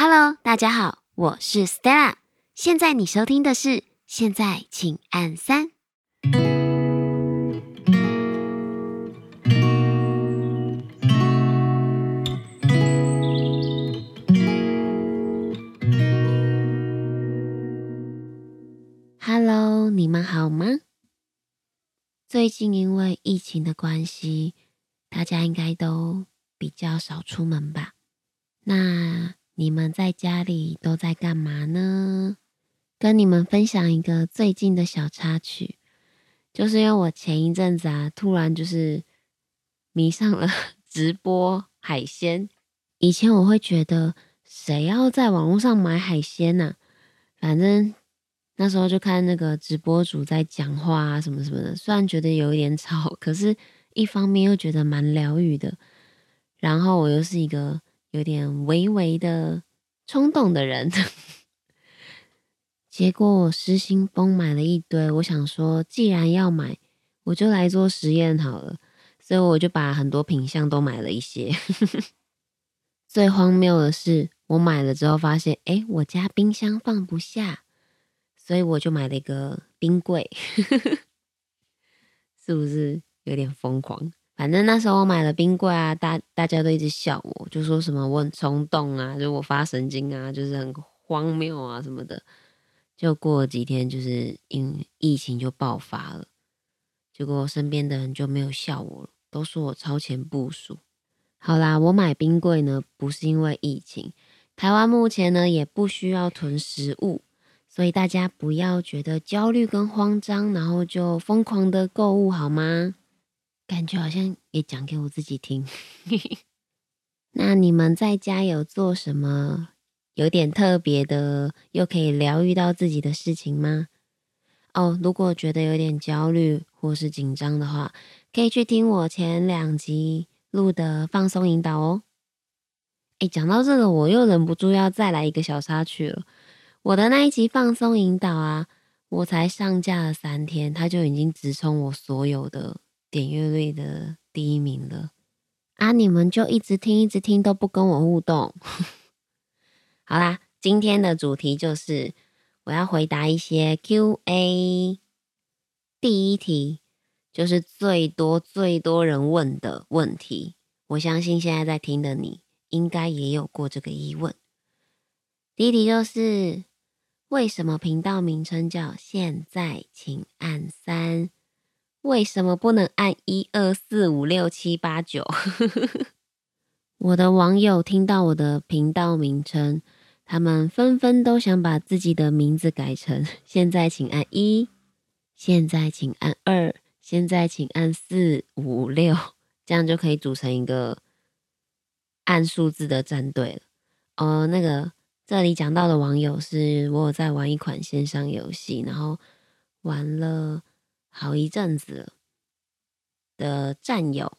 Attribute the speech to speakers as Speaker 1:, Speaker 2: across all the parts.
Speaker 1: Hello，大家好，我是 Stella。現在你收聽的是，現在請按三。Hello，你們好嗎？最近因為疫情的關係，大家應該都比較少出門吧？那。你們在家裡都在幹嘛呢？跟你們分享一個最近的小插曲，就是因為我前一陣子啊，突然就是迷上了直播海鮮。以前我會覺得，誰要在網絡上買海鮮吶啊，反正那時候就看那個直播主在講話啊，什麼什麼的。雖然覺得有一點吵，可是一方面又覺得蠻療癒的。然後我又是一個。有點微微的衝動的人，結果我失心瘋買了一堆。我想說，既然要買，我就來做實驗好了。所以我就把很多品項都買了一些。最荒謬的是，我買了之後發現，欸，我家冰箱放不下，所以我就買了一個冰櫃。是不是有點瘋狂？反正那時候我買了冰櫃啊，大大家都一直笑我，就說什麼我很衝動啊，就我發神經啊，就是很荒謬啊什麼的。就過了幾天，就是因疫情就爆發了，結果我身邊的人就沒有笑我了，都說我超前部署。好啦，我買冰櫃呢，不是因為疫情，台灣目前呢也不需要囤食物，所以大家不要覺得焦慮跟慌張，然後就瘋狂的購物好嗎？感覺好像也講給我自己聽。嘿嘿。那你們在家有做什麼有點特別的，又可以療癒到自己的事情嗎？哦，如果覺得有點焦慮或是緊張的話，可以去聽我前兩集錄的放鬆引導哦。哎，講到這個，我又忍不住要再來一個小插曲了。我的那一集放鬆引導啊，我才上架了三天，它就已經直衝我所有的。點閱率的第一名了啊！你們就一直聽，一直聽，都不跟我互動。 好啦，今天的主題就是我要回答一些 Q&A。第一題就是最多最多人問的問題，我相信現在在聽的你應該也有過這個疑問。第一題就是為什麼頻道名稱叫“現在請按三”？為什麼不能按一二四五六七八九？我的網友聽到我的頻道名稱，他們紛紛都想把自己的名字改成，現在請按一，現在請按二，現在請按四五六，這樣就可以組成一個按數字的戰隊了。哦，那個，這裡講到的網友是我有在玩一款線上遊戲，然後玩了，好一陣子的戰友，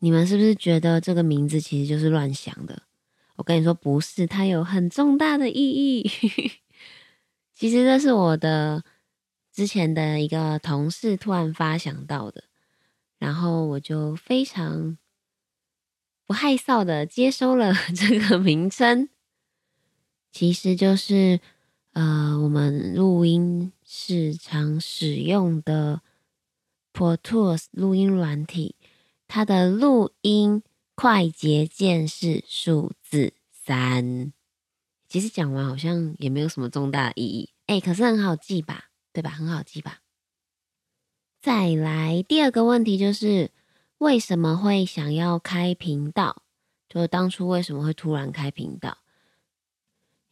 Speaker 1: 你們是不是覺得這個名字其實就是亂想的？我跟你說不是，它有很重大的意義。 其實這是我的之前的一個同事突然發想到的，然後我就非常不害臊的接收了這個名稱。其實就是呃，我們錄音。時常使用的 Pro Tools 錄音軟體，它的錄音快捷鍵是數字三。其實講完好像也沒有什麼重大的意義，哎、欸，可是很好記吧？對吧？很好記吧？再來第二個問題就是，為什麼會想要開頻道？就當初為什麼會突然開頻道？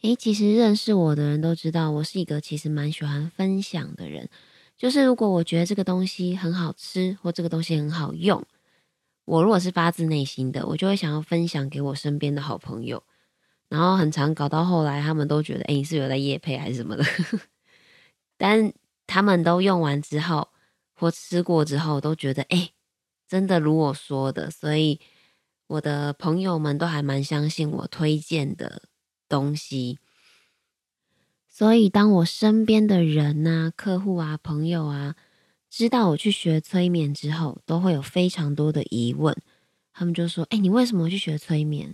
Speaker 1: 誒，其實認識我的人都知道，我是一個其實蠻喜歡分享的人。就是如果我覺得這個東西很好吃，或這個東西很好用，我如果是發自內心的，我就會想要分享給我身邊的好朋友。然後很常搞到後來，他們都覺得誒，你是有在業配還是什麼的。 但他們都用完之後，或吃過之後，都覺得誒，真的如我說的。所以我的朋友們都還蠻相信我推薦的。東西，所以當我身邊的人啊、客戶啊、朋友啊知道我去學催眠之後，都會有非常多的疑問。他們就說：“哎、欸，你為什麼去學催眠？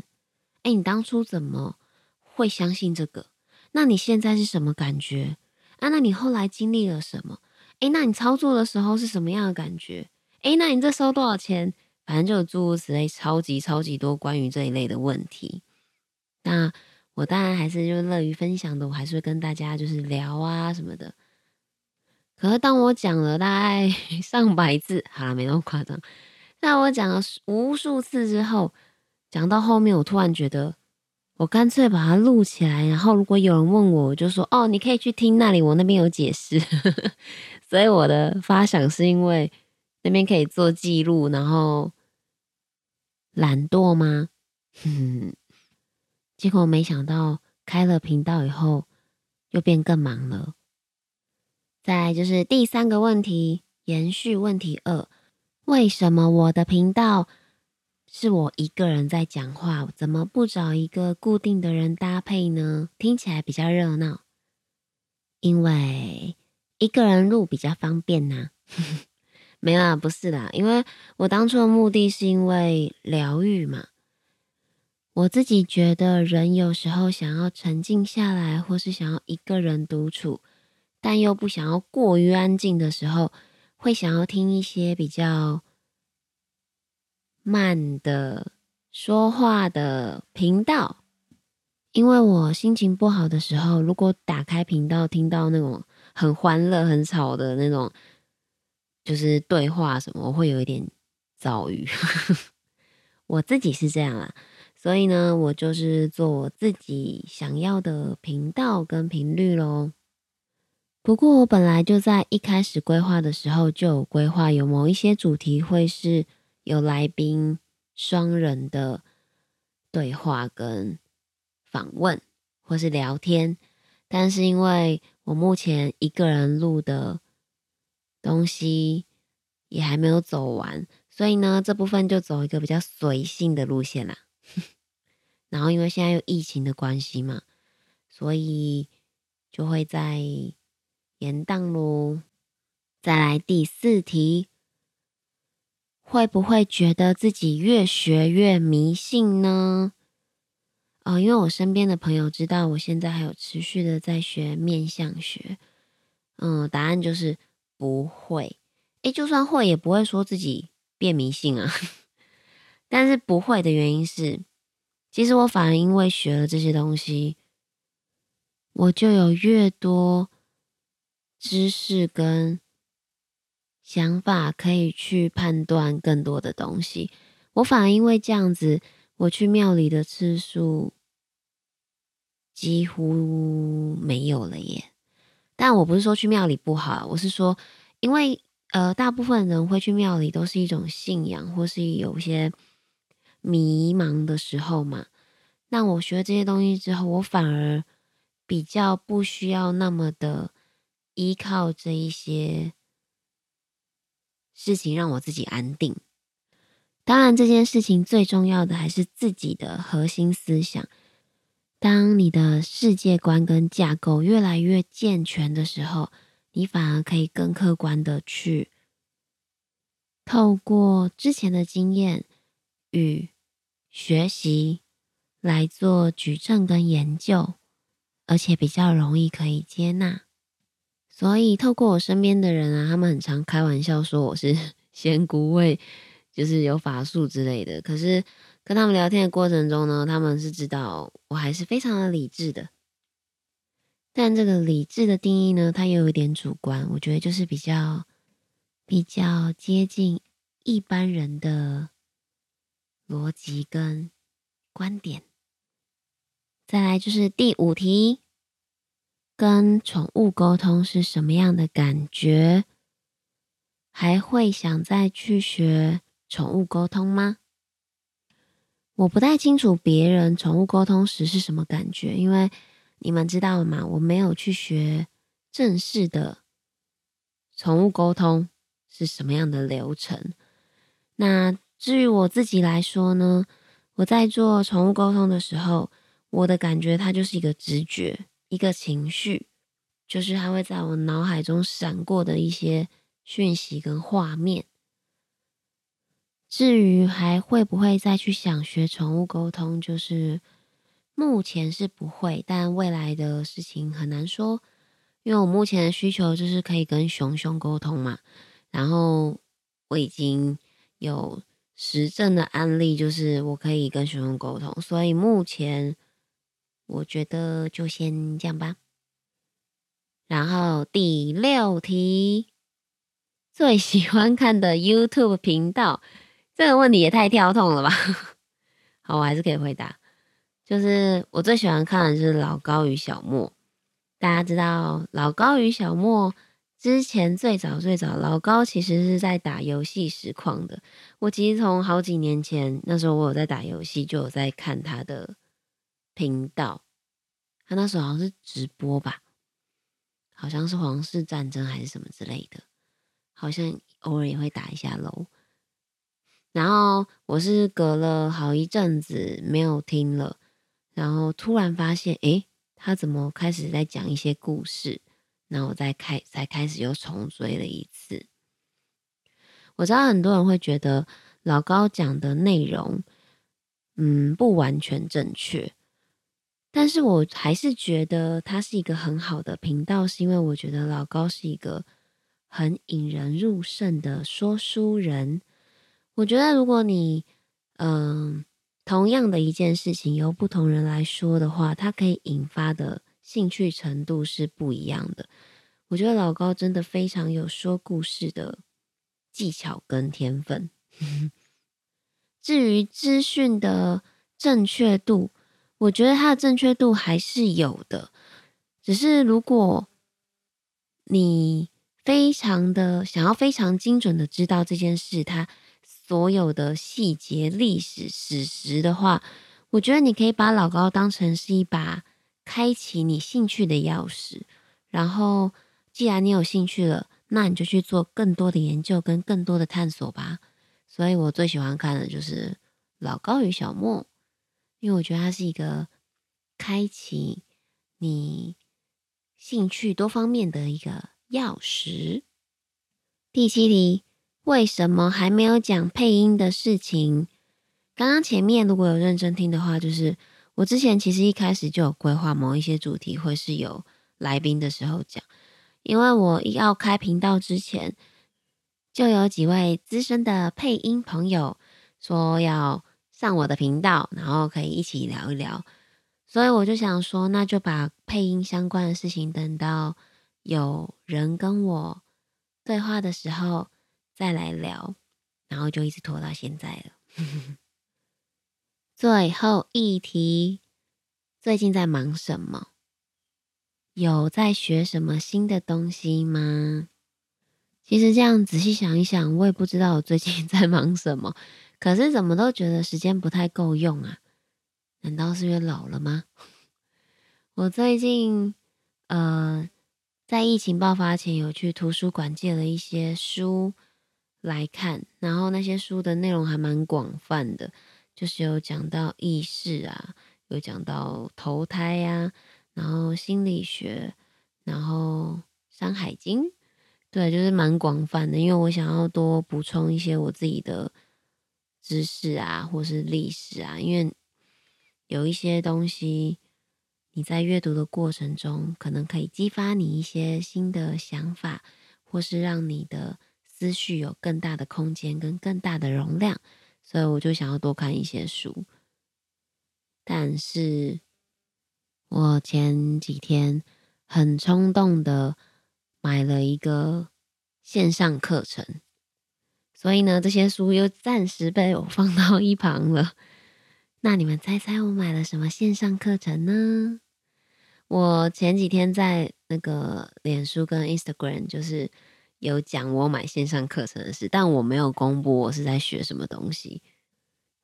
Speaker 1: 哎、欸，你當初怎麼會相信這個？那你現在是什麼感覺？啊，那你後來經歷了什麼？哎、欸，那你操作的時候是什麼樣的感覺？哎、欸，那你這收多少錢？反正就是諸如此類，超級超級多關於這一類的問題。那。我當然還是就樂於分享的，我還是會跟大家就是聊啊什麼的。可是當我講了大概上百字，好啦，沒那麼誇張。當我講了無數次之後，講到後面，我突然覺得，我乾脆把它錄起來。然後如果有人問我，我就說，哦，你可以去聽那裡，我那邊有解釋。 所以我的發想是因為那邊可以做記錄，然後懶惰嗎？哼。 結果沒想到開了頻道以後，又變更忙了。再來就是第三個問題，延續問題二：為什麼我的頻道是我一個人在講話？怎麼不找一個固定的人搭配呢？聽起來比較熱鬧。因為一個人錄比較方便吶、啊。呵呵，沒啦、啊，不是啦，因為我當初的目的是因為療癒嘛。我自己覺得，人有時候想要沉靜下來，或是想要一個人獨處，但又不想要過於安靜的時候，會想要聽一些比較慢的說話的頻道。因為我心情不好的時候，如果打開頻道聽到那種很歡樂、很吵的那種，就是對話什麼，我會有一點遭遇。 我自己是這樣啊。所以呢，我就是做我自己想要的頻道跟頻率嘍。不過我本來就在一開始規劃的時候就有規劃，有某一些主題會是有來賓雙人的對話跟訪問或是聊天，但是因為我目前一個人錄的東西也還沒有走完，所以呢，這部分就走一個比較隨性的路線啦、啊。 然後，因為現在有疫情的關係嘛，所以就會在延宕嘍。再來第四題，會不會覺得自己越學越迷信呢？哦，因為我身邊的朋友知道我現在還有持續的在學面相學，嗯，答案就是不會。誒，就算會，也不會說自己變迷信啊。但是不會的原因是，其實我反而因為學了這些東西，我就有越多知識跟想法可以去判斷更多的東西。我反而因為這樣子，我去廟裡的次數幾乎沒有了耶。但我不是說去廟裡不好，我是說，因為呃，大部分人會去廟裡都是一種信仰，或是有些。迷茫的時候嘛，那我學這些東西之後，我反而比較不需要那麼的依靠這一些事情讓我自己安定。當然，這件事情最重要的還是自己的核心思想。當你的世界觀跟架構越來越健全的時候，你反而可以更客觀的去透過之前的經驗與。學習來做舉證跟研究，而且比較容易可以接納。所以透過我身邊的人啊，他們很常開玩笑說我是仙姑位，就是有法術之類的。可是跟他們聊天的過程中呢，他們是知道我還是非常的理智的。但這個理智的定義呢，它又有一點主觀。我覺得就是比較比較接近一般人的。邏輯跟觀點，再來就是第五題：跟寵物溝通是什麼樣的感覺？還會想再去學寵物溝通嗎？我不太清楚別人寵物溝通時是什麼感覺，因為你們知道嘛，我沒有去學正式的寵物溝通是什麼樣的流程。那。至於我自己來說呢，我在做寵物溝通的時候，我的感覺它，就是一個直覺，一個情緒，就是它會在我腦海中閃過的一些訊息跟畫面。至於還會不會再去想學寵物溝通，就是目前是不會，但未來的事情很難說，因為我目前的需求就是可以跟熊熊溝通嘛，然後我已經有。實證的案例就是我可以跟學生溝通，所以目前我覺得就先這樣吧。然後第六題，最喜歡看的 YouTube 頻道，這個問題也太跳痛了吧？好，我還是可以回答，就是我最喜歡看的是老高與小莫，大家知道老高與小莫。之前最早最早，老高其實是在打遊戲實況的。我其實從好幾年前，那時候我有在打遊戲，就有在看他的頻道。他那時候好像是直播吧，好像是皇室戰爭還是什麼之類的，好像偶爾也會打一下嘍。然後我是隔了好一陣子沒有聽了，然後突然發現，誒，他怎麼開始在講一些故事？那我再開，再開始又重追了一次。我知道很多人會覺得老高講的內容，嗯，不完全正確，但是我還是覺得他是一個很好的頻道，是因為我覺得老高是一個很引人入勝的說書人。我覺得如果你，嗯，同樣的一件事情由不同人來說的話，它可以引發的興趣程度是不一樣的。我覺得老高真的非常有說故事的技巧跟天分。 至於資訊的正確度，我覺得他的正確度還是有的。只是如果你非常的想要非常精準的知道這件事，他所有的細節、歷史、史實的話，我覺得你可以把老高當成是一把。開啟你興趣的鑰匙，然後既然你有興趣了，那你就去做更多的研究跟更多的探索吧。所以我最喜歡看的就是《老高與小茉》，因為我覺得它是一個開啟你興趣多方面的一個鑰匙。第七題，為什麼還沒有講配音的事情？剛剛前面如果有認真聽的話，就是。我之前其實一開始就有規劃，某一些主題會是有來賓的時候講，因為我一要開頻道之前，就有幾位資深的配音朋友說要上我的頻道，然後可以一起聊一聊，所以我就想說，那就把配音相關的事情等到有人跟我對話的時候再來聊，然後就一直拖到現在了。 最後一題，最近在忙什麼？有在學什麼新的東西嗎？其實這樣仔細想一想，我也不知道我最近在忙什麼，可是怎麼都覺得時間不太夠用啊？難道是因為老了嗎？我最近呃，在疫情爆發前有去圖書館借了一些書來看，然後那些書的內容還蠻廣泛的。就是有講到意識啊，有講到投胎啊，然後心理學，然後《山海經》，對，就是蠻廣泛的。因為我想要多補充一些我自己的知識啊，或是歷史啊，因為有一些東西你在閱讀的過程中，可能可以激發你一些新的想法，或是讓你的思緒有更大的空間跟更大的容量。所以我就想要多看一些書，但是我前幾天很衝動的買了一個線上課程，所以呢，這些書又暫時被我放到一旁了。那你們猜猜我買了什麼線上課程呢？我前幾天在那個臉書跟 Instagram 就是。有講我買線上課程的事，但我沒有公布我是在學什麼東西。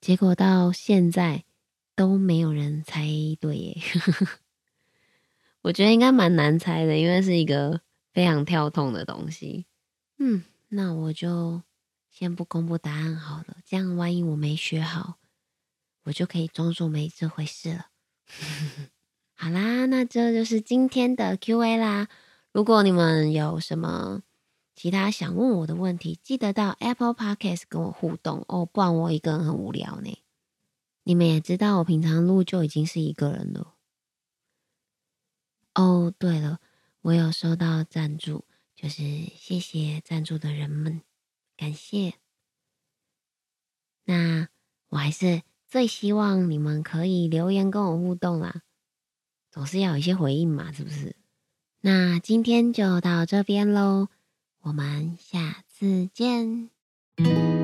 Speaker 1: 結果到現在都沒有人猜對耶， 我覺得應該蠻難猜的，因為是一個非常跳痛的東西。嗯，那我就先不公布答案好了，這樣萬一我沒學好，我就可以裝作沒這回事了。 好啦，那這就是今天的 Q&A 啦。如果你們有什麼。其他想問我的問題，記得到 Apple Podcast 跟我互動哦，不然我一個人很無聊呢。你們也知道，我平常錄就已經是一個人了。哦，對了，我有收到贊助，就是謝謝贊助的人們，感謝。那我還是最希望你們可以留言跟我互動啦，總是要有一些回應嘛，是不是？那今天就到這邊嘍。我們下次見。